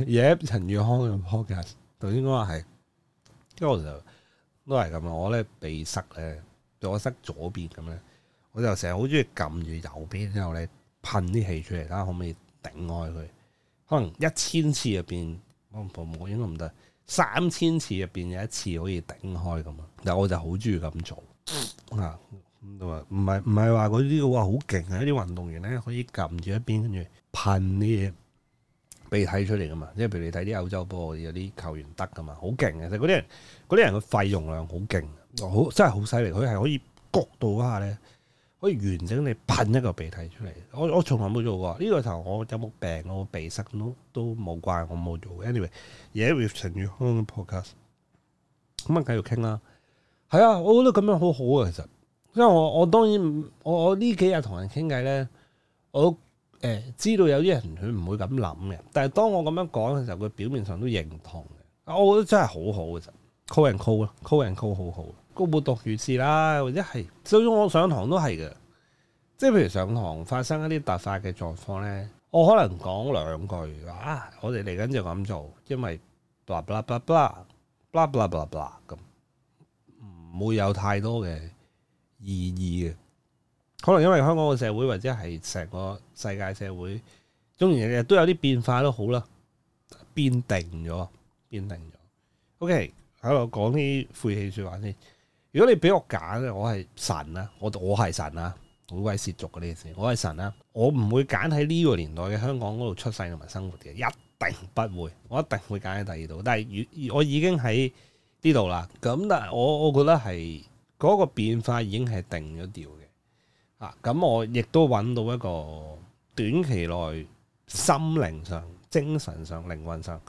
嘢 陳宇康嘅 project，頭先講話係，因為我就都係咁啦。我咧鼻塞咧，左塞左邊咁樣，我就成日好中意撳住右邊，之後咧噴啲氣出嚟睇下可唔可以頂開佢。可能一千次入邊，我唔我應該唔得三千次入邊有一次可以頂開咁啊。但我就好中意咁做、嗯、啊。唔係唔係話嗰啲嘅話好勁啊！一啲運動員咧可以撳住一邊跟住噴啲嘢，鼻涕出嚟噶嘛？即係譬如你睇啲歐洲波，有啲球員得噶嘛，好勁嘅。其實嗰啲人，嗰啲人嘅肺容量好勁，好真係好犀利。佢係可以角度一下咧，可以完整地噴一個鼻涕出嚟。我我從來冇做過呢、這個時候我有冇病？我鼻塞都都冇怪我冇做。Anyway，嘢 with 陳宇康 podcast 咁啊，繼續傾啦。係啊，我覺得咁樣好好啊。其實，因為我我當然我我呢幾日同人傾偈咧，我。我誒，知道有啲人佢唔會咁諗嘅，但係當我咁樣講嘅時候，佢表面上都認同嘅。我覺得真係好好嘅，實 call 人 call 咯，call 人 call 好好，高保讀如是啦，或者係，所以我上堂都係嘅，即係譬如上堂發生一啲突發嘅狀況咧，我可能講兩句啊，我哋嚟緊就咁做，因為 blah blah blah blah blah blah blah blah 咁，唔會有太多嘅意義嘅。可能因為香港嘅社會或者係成個世界社會，縱然日日都有啲變化都好啦，變定咗，變定咗。OK，喺度講啲晦氣說話先。如果你俾我揀，我係神啦，啊，我我係神啦，啊，好鬼蝕足嘅呢件事。我係神啦，啊，我唔會揀喺呢個年代嘅香港嗰度出世同埋生活嘅，一定不會，我一定會揀喺第二度。但係我已經喺呢度啦，咁但係我我覺得係嗰，那個變化已經係定咗調嘅。咁、啊、我亦都揾到一個短期內心靈上、精神上、靈魂上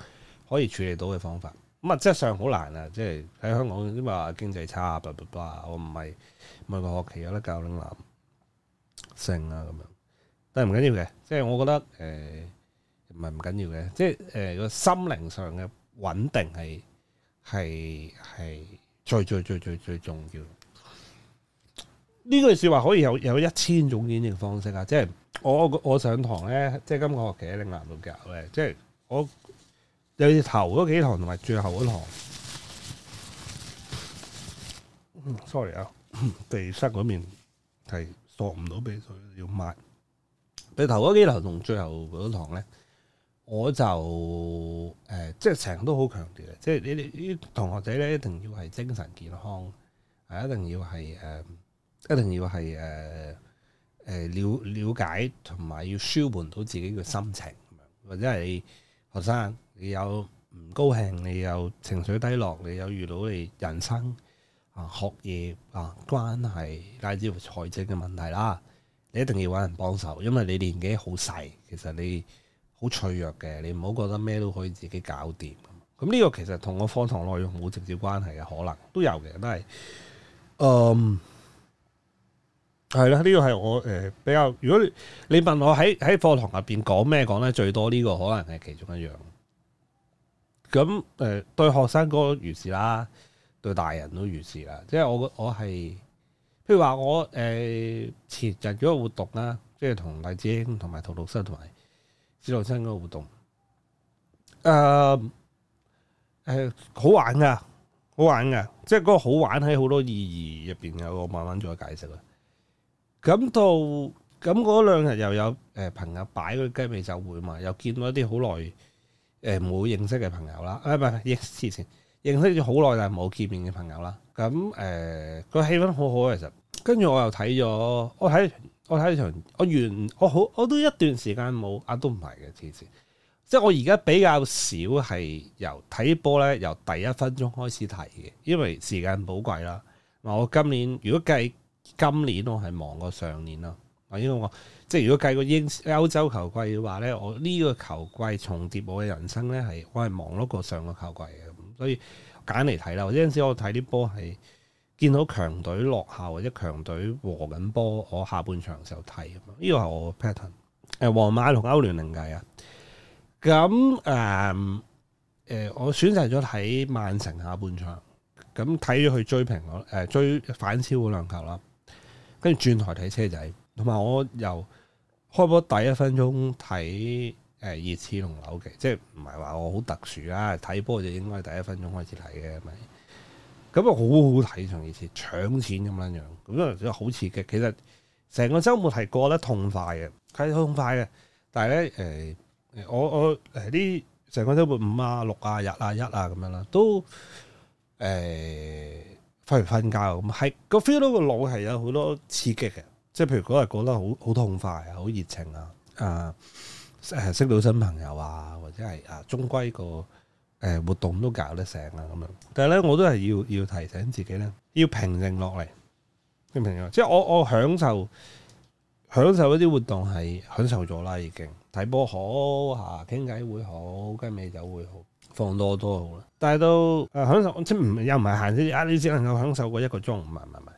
可以處理到嘅方法。咁、嗯、啊，即係上好難啊，即係喺香港啲話經濟差，我唔係每個學期有得教嶺南性啊咁樣，但係唔緊要嘅，即係我覺得誒唔係唔緊要嘅，即係誒個心靈上嘅穩定係係係最最最最最重要。呢句說話可以有有一千種演繹方式啊！即係我我，我上堂咧，即係今個學期喺嶺南度教嘅，即係我有頭嗰幾堂同埋最後嗰堂、嗯、，sorry 啊，鼻塞嗰面係索唔到鼻水，要抹。你頭嗰幾堂同最後嗰堂咧，我就誒、呃，即係成日都好強調，即係你哋啲同學仔咧，一定要係精神健康，係一定要係誒。呃一定要係誒誒了了解同埋要舒緩到自己嘅心情，或者係你學生，你有唔高興，你有情緒低落，你有遇到你人生啊、呃、學業啊、呃、關係乃至乎財政嘅問題啦，你一定要揾人幫手，因為你年紀好細，其實你好脆弱嘅，你唔好覺得咩都可以自己搞掂。咁呢個其實同我課堂內容冇直接關係嘅，可能都有嘅，都係誒。呃係啦，呢、這個係我誒、呃、比較。如果你，你問我喺喺課堂入邊講咩講得最多呢個可能係其中一樣。咁誒、呃，對學生嗰個如是啦，對大人都如是啦。即係我我係，譬如話我誒、呃、前日嗰個活動啦，即係同麗晶同埋陶老生、同埋志龍生嗰個活動，誒誒好玩噶，好玩噶，即係嗰個好玩喺好多意義入邊，有個慢慢再解釋啦。咁到咁嗰兩日又有誒、呃、朋友擺嗰啲雞尾酒會嘛，又見到一啲好耐誒冇認識嘅朋友啦，誒唔係，yes 之前，認識咗好耐但係冇見面嘅朋友啦。咁誒個氣氛好好其實，跟住我又睇咗，我睇我睇場，我完我好我都一段時間冇啊，都唔係嘅之前，即係我而家比較少係由睇波咧，由第一分鐘開始睇嘅，因為時間寶貴啦。我今年如果計。今年我係忙過上年咯，因為我即係如果計個英歐洲球季嘅話咧，我呢個球季重疊我嘅人生咧係我係忙咯過上個球季嘅，咁所以揀嚟睇啦。或者有陣時我睇啲波係見到強隊落後，或者強隊和緊波，我下半場時候睇啊嘛。呢個係我 pattern。誒、呃，皇馬同歐聯另計啊。咁誒誒，我選擇咗喺曼城下半場，咁睇咗佢追平我誒、呃、追反超嗰兩球啦。跟住轉台睇車仔，同埋我又開波第一分鐘睇誒熱刺龍樓嘅，即係唔係話我好特殊啦？睇波就應該第一分鐘開始睇嘅係咪？咁啊好好睇從熱刺搶錢咁樣樣，咁樣好刺激。其實成個周末係過得痛快嘅，係好痛快嘅。但係咧誒，我我誒啲成個周末五啊六啊日啊一啊咁樣啦，都誒。呃譬如瞓覺咁，係個 feel 到個腦係有好多刺激嘅，即係譬如嗰日過得好好痛快好熱情啊，啊誒識到新朋友啊，或者係啊，終歸個誒、呃、活動都搞得成啊咁樣。但係咧，我都係要要提醒自己咧，要平靜落嚟，平靜。即係我我享受享受一啲活動係享受咗啦，已經睇波好啊，傾偈會好，跟尾走會好。放多多好啦，但係到、呃、享受即唔又唔係限，即限啊，你只能夠享受過一個鐘，唔係唔係，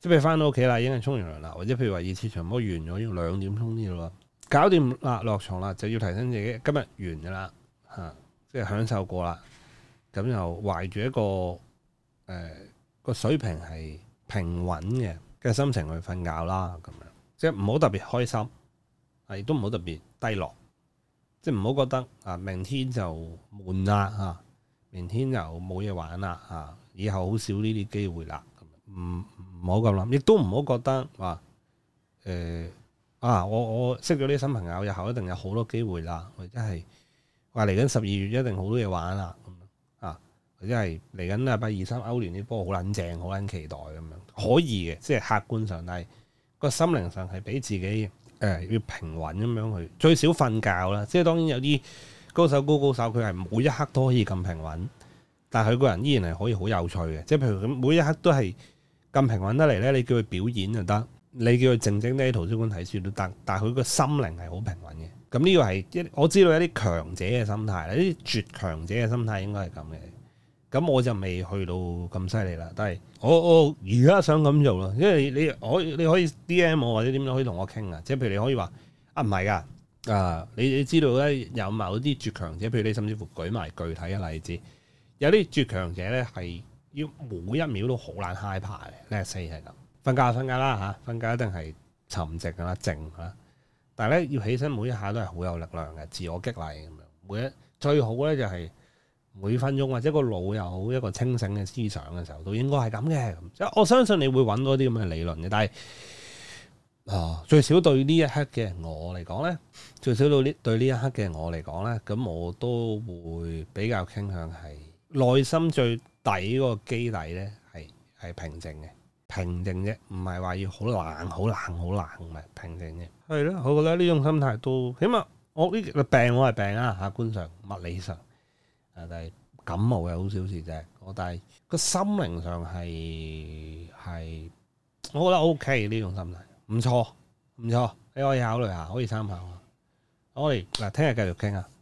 即係譬如翻到屋企啦，已經係沖完涼啦，或者譬如話二次場摸完咗，要兩點鐘啲咯，搞掂啦，落床啦，就要提醒自己今日完噶啦，吓、啊、即係享受過啦，咁又懷住一個誒個、呃、水平係平穩嘅嘅心情去瞓覺啦，咁樣即係唔好特別開心，係都唔好特別低落。即係唔好覺得啊，明天就悶啦吓，明天就冇嘢玩啦吓，以後好少呢啲機會啦。唔，唔好咁諗，亦都唔好覺得話誒、欸、啊，我我識咗啲新朋友，日後一定有好多機會啦。或者係話嚟緊十二月一定好多嘢玩啦咁樣啊，或者係嚟緊啊八二三歐聯啲波好撚正，好撚期待咁樣，可以嘅，即係客觀上，但係個心靈上係俾自己。誒，要平穩咁樣去最少瞓覺啦，即係當然有啲高手高高手佢係每一刻都可以咁平穩，但係佢個人依然係可以好有趣嘅。即係譬如每一刻都係咁平穩得嚟呢，你叫佢表演就得，你叫佢靜靜地喺圖書館睇書都得。但係佢個心靈係好平穩嘅。咁呢個係一我知道一啲強者嘅心態啦，啲絕強者嘅心態應該係咁嘅。咁我就未去到咁犀利啦，但係我我而家想咁做咯，因為你可你可以 DM 我或者點樣都可以同我傾啊，即係譬如你可以話啊唔係噶啊，你你知道咧有某啲絕強者，譬如你甚至乎舉埋具體嘅例子，有啲絕強者咧係要每一秒都好難 high 爬嘅 lazy 係咁，瞓覺瞓覺啦嚇，瞓、啊、覺一定係沉寂噶啦，靜啦，但係咧要起身每一下都係好有力量嘅，自我激勵咁樣，每一最好咧就係、是。每分鐘或者個腦又好一個清醒嘅思想嘅時候，都應該係咁嘅。即我相信你會揾到啲咁嘅理論嘅，但係啊、呃，最少對呢一刻嘅我嚟講呢，最少到呢對呢一刻嘅我嚟講呢，咁我都會比較傾向係內心最底嗰個基底呢，係係平靜嘅，平靜啫，唔係話要好冷、好冷、好冷，嘅平靜嘅。係咯，我覺得呢種心態都起碼我呢個病我係病啊，客觀上物理上。但係感冒係好小事啫。我但係個心靈上係係，我覺得 OK 呢種心態，唔錯唔錯，你可以考慮下，可以參考下。我哋嗱，聽日繼續傾啊！